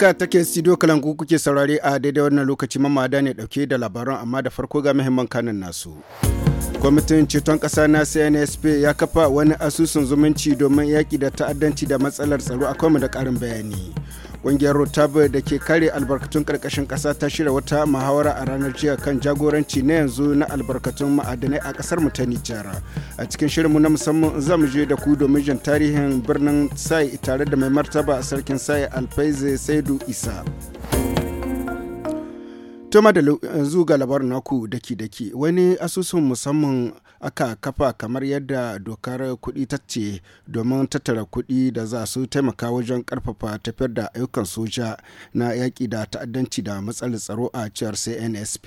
Haka take studio kalangu kuke saurare a daidai wannan lokaci mamada ne dauke da labaran amma da farko ga muhimman kanin nasu. Kwamitin ceton kasa na CNSP ya kafa wani asusun zumunci domin yaki da ta'addanci da matsalar tsaro a mu da ƙarin bayani. Ƙungiyar Rotab da ke kare albarkatun ƙarƙashin ƙasa ta shirya wata muhawara a ranar jiya kan jagoranci na yanzu na albarkatun ma'adanai a ƙasar mu ta Nijar. A cikin shirinmu na musamman za mu je da ku domin jan tarihin birnin Sai tare da mai martaba sarkin Sai Alfaize Saidu Isa. Tuma da yanzu ga labarin naku daki-daki wani asusun musamman aka kafa kamar yadda dokar kuɗi ta ce domin tattara kuɗi da za su taimaka wajen karfafa tafiyar da ayyukan soja na yaƙi da ta'addanci da matsalar tsaro a ciyar cnsp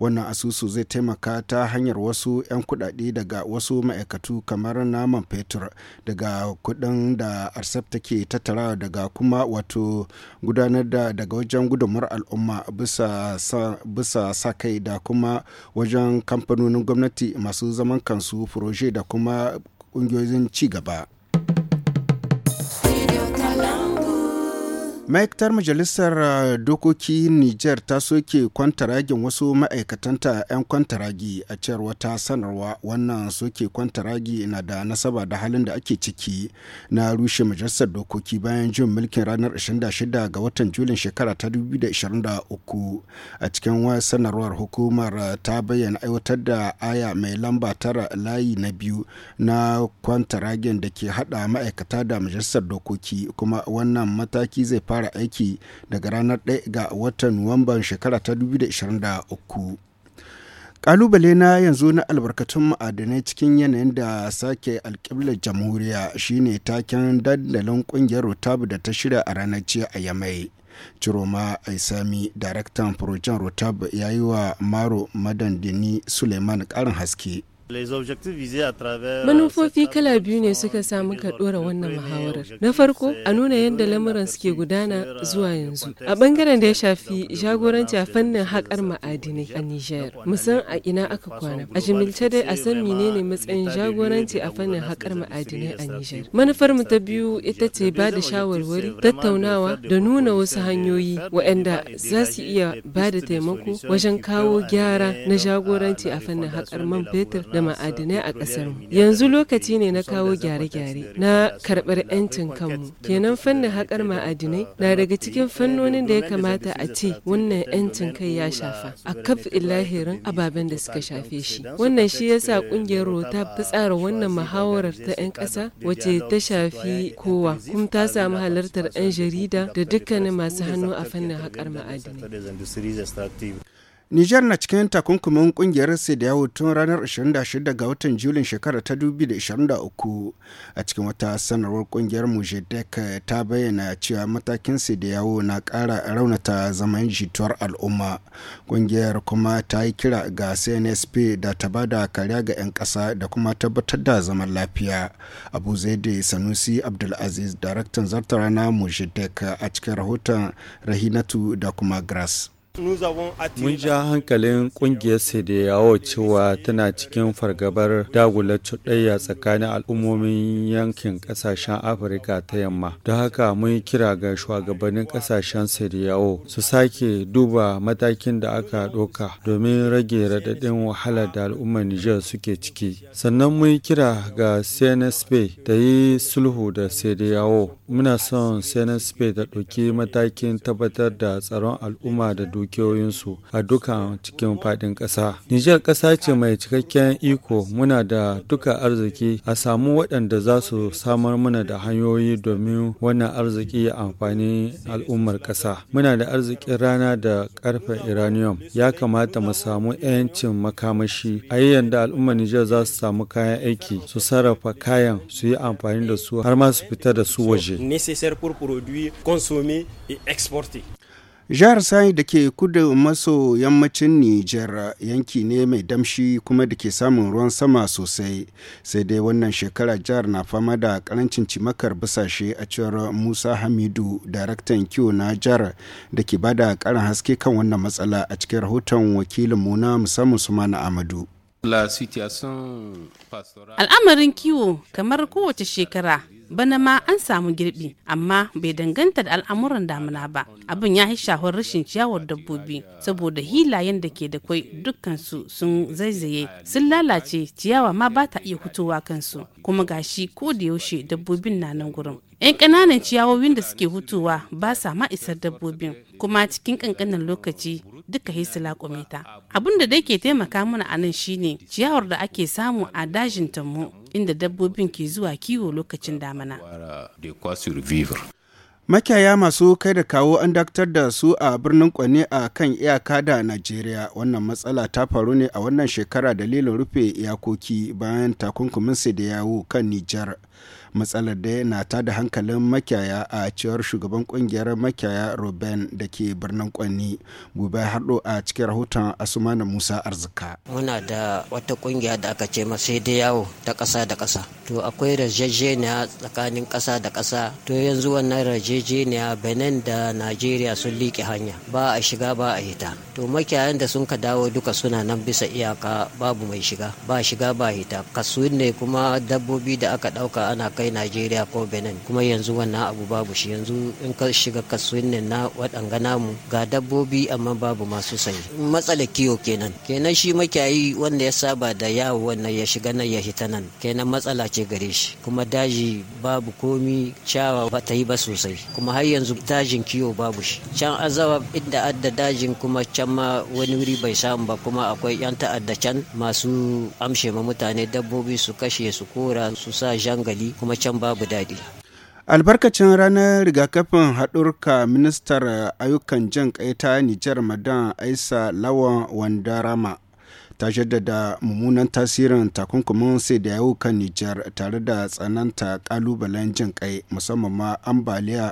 wannan asusu zai taimaka ta hanyar wasu 'yan kuɗaɗe daga wasu ma'aikatu kamar naman fetur daga kuɗin da arsaf take tattara daga kuma wato gudanar da daga wajen gudunmuwar al'umma bisa sa kai da kuma wajen kamfanonin gwamnati masu zaman kansu furoje da kuma ƙungiyoyin ci gaba. ma'aikatar majalisar eh, dokoki niger ta soke kwantaragin wasu ma'aikatanta 'yan kwantaragi a cewar wata sanarwa wannan soke kwantaragi na da nasaba da halin da ake ciki na rushe majalisar dokoki bayan jin mulkin ranar 26 ga watan julin shekara ta 2023 a cikin sanarwar hukumar eh, ta bayyana aiwatar da aya mai lamba tara layi na biyu na kwantaragin da ke hada ma'aikata da majalisar dokoki kuma wannan mataki zai fara fara aiki daga ranar 1 ga watan Nuwamban shekara ta 2023. kalubale na yanzu na albarkatun ma'adanai cikin yanayin da sake alƙiblar jamhuriya shine taken dandalin ƙungiyar rotabu da ta shirya a ranar jiya a yamai ciroma aisami daraktan furojen rotab ya yi wa maro madandini suleiman ƙarin haske Euh, Manufofi kala biyu ne suka samu ka ɗora wannan muhawarar. Na farko a nuna yadda lamuran suke gudana zuwa yanzu. A bangaren da ya shafi jagoranci a fannin haƙar ma'adinai a Nijar. Musan a ina aka kwana. A jimilce dai a san menene matsayin jagoranci a fannin haƙar ma'adinai a Nijar. Manufar mu ta biyu ita ce ba da shawarwari, tattaunawa da nuna wasu hanyoyi waɗanda za su iya ba da taimako wajen kawo gyara na jagoranci a fannin haƙar man fetur da da ma'adinai a mu Yanzu lokaci ne na kawo gyare-gyare na karɓar 'yancin kanmu. Kenan fannin haƙar ma'adinai na daga cikin fannonin da ya kamata a ce wannan 'yancin kai ya shafa a kaf ilahirin ababen da suka shafe shi. Wannan shi yasa ƙungiyar Rota ta tsara wannan muhawarar ta 'yan ƙasa wacce ta shafi kowa kuma ta samu halartar 'yan jarida da dukkanin masu hannu a fannin haƙar ma'adinai. Nijar na cikin takunkumin kungiyar yawo tun ranar 26 ga watan Julin shekarar ta 2023 a cikin wata sanarwar kungiyar Mujedek ta bayyana cewa matakin yawo na ƙara raunata zaman jituwar al'umma. Kungiyar kuma ta yi kira ga CNSP da ta bada kariya ga 'yan ƙasa da kuma tabbatar da zaman lafiya. Abu Zaidi Sanusi Abdulaziz, daraktan zartara na Mujedek a cikin rahoton Rahinatu da kuma Grass. Mun ja hankalin kungiyar Sedeyawo cewa tana cikin fargabar dagula cuɗayya tsakanin al'ummomin yankin ƙasashen Afirka ta yamma. Don haka mun kira ga shugabannin ƙasashen Sedeyawo su sake duba matakin da aka ɗauka domin rage raɗaɗin wahala da al'ummar Nijar suke ciki. Sannan mun kira ga CNSP ta yi sulhu da Sedeyawo. Muna son CNSP ta ɗauki matakin tabbatar da tsaron al'umma da duki. nakiyoyinsu a duka cikin faɗin ƙasa. Nijar ƙasa ce mai cikakken iko muna da duka arziki a samu waɗanda za su samar mana da hanyoyi domin wannan arziki ya amfani al'ummar ƙasa. Muna da arzikin rana da ƙarfe uranium ya kamata mu samu 'yancin makamashi a yi yanda al'ummar Nijar za su samu kayan aiki su sarrafa kayan su yi amfani da su har ma su fita da su waje. jihar sai da ke kudu maso yammacin nijar yanki ne mai damshi kuma da ke samun ruwan sama sosai sai dai wannan shekara jihar na fama da karancin cimakar bisashe a cewar musa hamidu daraktan kiwo na jihar da ke bada karin haske kan wannan matsala a cikin rahoton wakilinmu na musamman sumana amadu Al'amarin kiwo kamar kowace shekara bana ma an samu girbi amma bai danganta da al'amuran damuna ba abin ya shahar rashin ciyawar dabbobi saboda hilayen da ke da kwai dukkansu sun zaizaye sun lalace ciyawa ma ba ta iya hutuwa kansu kuma gashi ko da yaushe dabbobin na nan gurin 'yan ƙananan ciyawoyin da suke hutuwa ba sa ma isar dabbobin kuma cikin ƙanƙanin lokaci duka hesi laƙume ta abin da dai ke taimaka mana a nan shine ciyawar da ake samu a dajin tammo inda dabbobin ke zuwa kiwo lokacin damana makiyaya masu kai da kawo an daktar da su a birnin kwane a kan iyaka da najeriya wannan matsala ta faru ne a wannan shekara dalilin rufe iyakoki bayan takunkumin da yawo kan nijar matsalar da na ta da hankalin makiyaya a cewar shugaban kungiyar makiyaya ruben da ke birnin kwanni gobe haɗo a cikin rahoton asumana musa arzika muna da wata kungiya da aka ce sai da yawo ta ƙasa da ƙasa to akwai rajajeniya tsakanin ƙasa da ƙasa to yanzu wannan rajajeniya benin da najeriya sun liƙe hanya ba a shiga ba a hita to makiyayan da sun ka dawo duka suna nan bisa iyaka babu mai shiga ba shiga ba hita kasu ne kuma dabbobi da aka ɗauka ana kai Najeriya ko Benin kuma yanzu wannan abu babu shi yanzu in ka shiga kasuwannin na waɗanga namu ga dabbobi amma babu masu sayi matsala kiyo kenan kenan shi makiyayi wanda ya saba da yawo wannan ya shiga nan ya hita nan kenan matsala ce gare shi kuma daji babu komi ciyawa ba ta yi ba sosai kuma har yanzu dajin kiyo babu shi can azawa inda adda dajin kuma can ma wani wuri bai samu ba kuma akwai yan ta'adda can masu amshe ma mutane dabbobi su kashe su kora su sa jangali kuma kuma can babu daɗi. albarkacin ranar rigakafin haɗurka ministar ayyukan jan ƙaita nijar madan aisa lawan wandarama ta jaddada mummunan tasirin takunkumin sai da yawo kan Nijar tare da tsananta kalubalen jin kai musamman ma ambaliya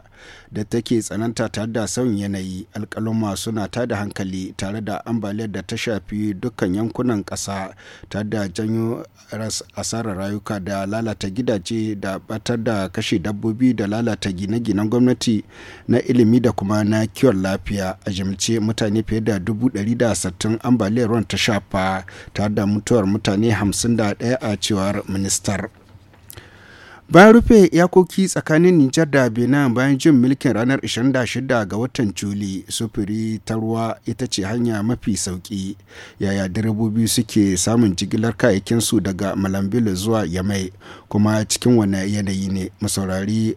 da take tsananta tare da sauyin yanayi alkaluma suna tada hankali tare da ambaliyar da ta shafi dukkan yankunan ƙasa tare da janyo asarar rayuka da lalata gidaje da batar da kashe dabbobi da lalata gine-ginen gwamnati na ilimi da kuma na kiwon lafiya a jimce mutane fiye da dubu ambaliyar ruwan ta shafa tare da mutuwar mutane 51 a cewar ministar bayan rufe iyakoki tsakanin nijar da benin bayan jin mulkin ranar 26 ga watan juli sufuri ta ruwa ita ce hanya mafi sauki yaya direbobi suke samun jigilar kayayyakinsu daga malambilu zuwa yamai kuma cikin wani yanayi ne masaurari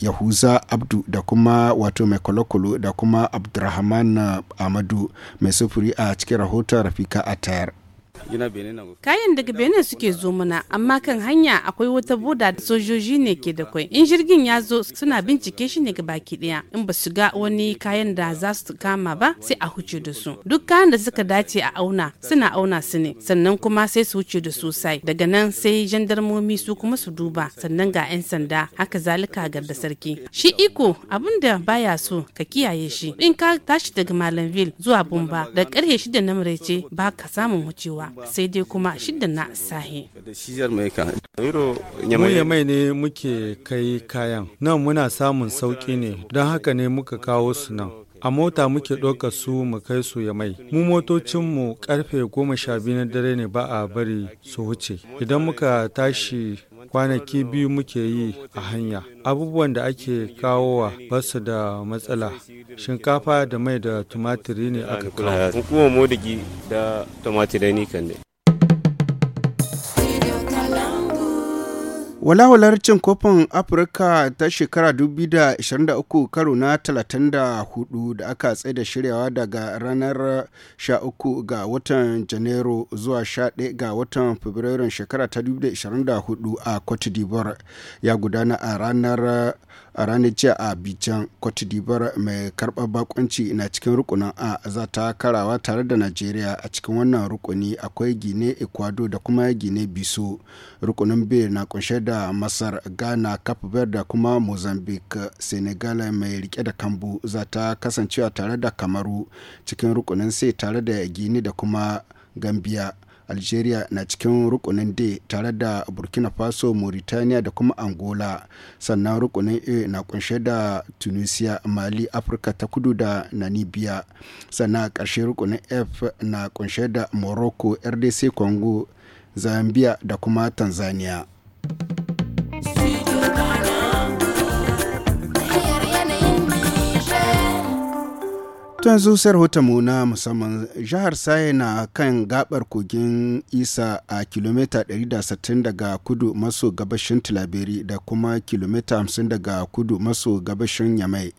yahuza abdu da kuma wato mai kwalokwalo da kuma abdurrahman amadu mai sufuri a cikin rahoton rafika a atayar Kayan daga Benin suke zo mana amma kan hanya akwai wata boda da sojoji ne ke da kwai. In jirgin ya zo suna bincike shi ne baki daya. In ba su ga wani kayan da za su kama ba sai a huce da su. Duk kayan da suka dace a auna suna auna su ne sannan kuma sai su wuce da sosai. Daga nan sai jandarmomi su kuma su duba sannan ga 'yan sanda haka zalika da sarki. Shi iko abin da baya so ka kiyaye shi. In ka tashi daga Malamville zuwa Bumba da karhe shida na maraice ba ka samun wucewa. sai dai kuma shidda na sahi. Mu yamai ne muke kai kayan, nan muna samun sauƙi ne don haka ne muka kawo su nan. a mota muke ɗaukar su mu kai su ya mai mu motocinmu karfe goma sha biyu na dare ne ba a bari su wuce idan muka tashi kwanaki biyu muke yi a hanya abubuwan da ake kawowa ba su da matsala shinkafa da mai da tumatiri ne aka kawo. Walawalar cin kofin Afirka ta shekara 2023 karo na 34 da aka da shiryawa daga ranar 13 ga watan Janairu zuwa 11 ga watan Fabrairun shekara ta 2024 a Cote d'Ivoire ya gudana a ranar a ranar jiya a Abidjan, Cote mai karɓar bakunci na cikin rukunin A za ta karawa tare da Najeriya a cikin wannan rukuni akwai Gine Ecuador da kuma Gine Biso. Rukunin B na kunshe da Masar, Ghana, Cape Verde da kuma Mozambique, Senegal mai rike da Kambu za ta kasancewa tare da Kamaru cikin rukunin C tare da Gine da kuma Gambia. algeria na cikin rukunin d tare da burkina faso mauritania da kuma angola sannan rukunin a na kunshe da tunisia mali afirka ta kudu da namibia sannan ƙarshe rukunin f na kunshe da morocco rdc congo zambia da kuma tanzania To yanzu sai rahotonmu na musamman jihar Saye na kan gabar kogin Isa a kilomita 160 daga kudu maso gabashin Tilaberi da kuma kilomita 50 daga kudu maso gabashin Yamai.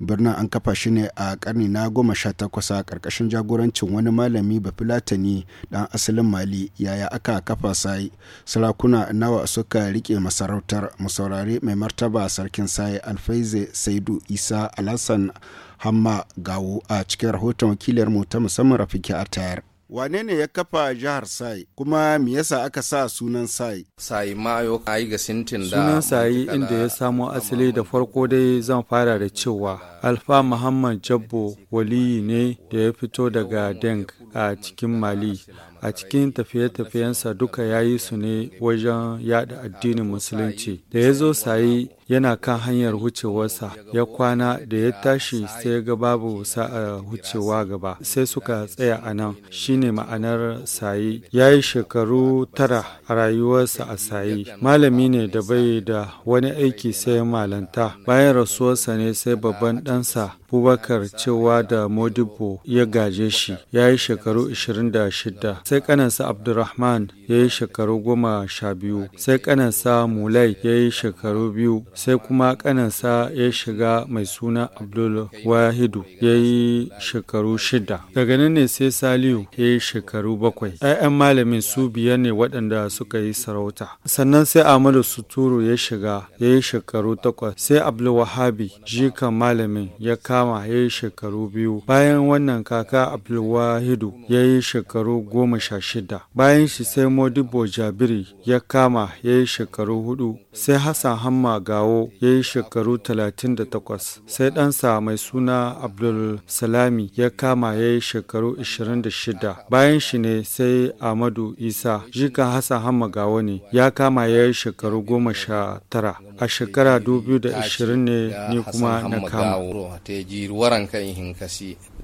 Birnin an kafa shi ne a karni na 18 a karkashin jagorancin wani malami Bafilatani dan asalin Mali yaya aka kafa Saye. Sarakuna nawa suka rike masarautar musaurari mai martaba sarkin Saye Alfaize Saidu Isa Alhassan hamma gawo a cikin rahoton wakilarmu ta musamman rafiki a tayar. wane ne ya kafa jihar sai kuma me yasa aka sa sunan sai sai mayo ga sintin da sunan sai inda ya samo asali da farko dai zan fara da cewa alfa muhammad jabbo waliyi ne da ya fito daga deng a cikin mali a cikin tafiye-tafiyensa duka ya yi su ne wajen yada addinin musulunci da ya zo sayi yana kan hanyar wucewarsa ya kwana da ya tashi sai ga babu sa'a wucewa gaba sai suka tsaya a nan shine ma'anar sayi ya yi shekaru tara a rayuwarsa a sayi malami ne da bai da wani aiki sai malanta bayan rasuwarsa ne sai babban ɗansa bubakar cewa da modibo ya gaje shi ya yi shekaru 26 sai kanansa abdurrahman ya yi shekaru goma sha biyu sai kanansa mulai ya yi shekaru biyu sai kuma kanansa ya shiga mai suna abdul wahidu ya yi shekaru shida daga nan ne sai saliu ya yi shekaru bakwai 'ya'yan malamin su biyar ne waɗanda suka yi sarauta sannan sai amadu suturu ya shiga ya yi shekaru takwas sai abdulwahabi jikan malamin ya kama ya yi shekaru biyu bayan wannan kaka wahidu ya yi shekaru goma sha shida. Bayan shi sai Modibo Jabiri ya kama ya yi shekaru hudu, sai Hassan Hamma Gawo ya yi shekaru talatin da takwas, sai ɗansa mai suna Abdul Salami ya kama ya yi shekaru ishirin da shida. Bayan shi ne sai amadu Isa, jikan Hassan Hamma Gawo ne, ya kama ya yi shekaru goma sha tara. A shekara dubu da ishirin ne ni kuma na kama.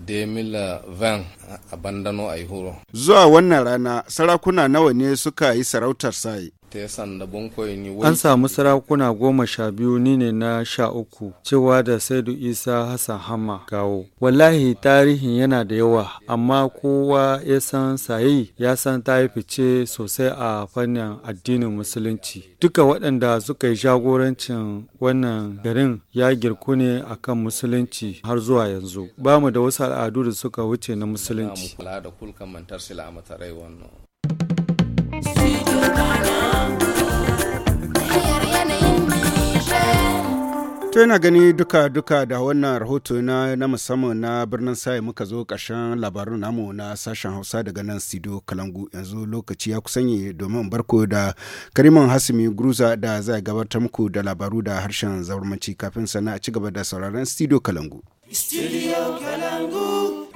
2020 a bandano a horo. Zuwa wannan rana sarakuna nawa ne suka yi sarautar sai? An samu sarakuna goma sha biyu ni ne na sha uku cewa da Saidu Isa Hassan Hama gawo. Wallahi tarihin yana da yawa amma kowa ya san sayi ya san ta yi fice sosai a fannin addinin musulunci. Duka waɗanda suka yi jagorancin wannan garin ya girku ne akan musulunci har zuwa yanzu. Ba mu da wasu al'adu da suka wuce na musulunci. Studio To yana gani duka-duka da wannan rahoto na, musamman na birnin sai muka zo ƙarshen labarin namu na sashen Hausa daga nan studio Kalangu yanzu lokaci ya kusan kusanye domin barko da Kariman Hasimi Gruza da zai gabatar muku da labaru da harshen zaurmanci kafin sana a ci gaba da sauraron Sido Kalangu. Studio Kalangu.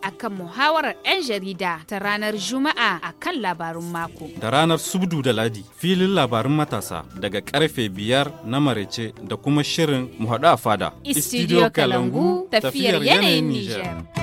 akan muhawarar 'yan jarida ta ranar Juma'a akan labarun mako. Da ranar Subdu da Ladi filin labarun matasa daga karfe biyar na marece da kuma shirin muhadu a fada. Istidiyo Kalangu tafiyar yanayin Nijar.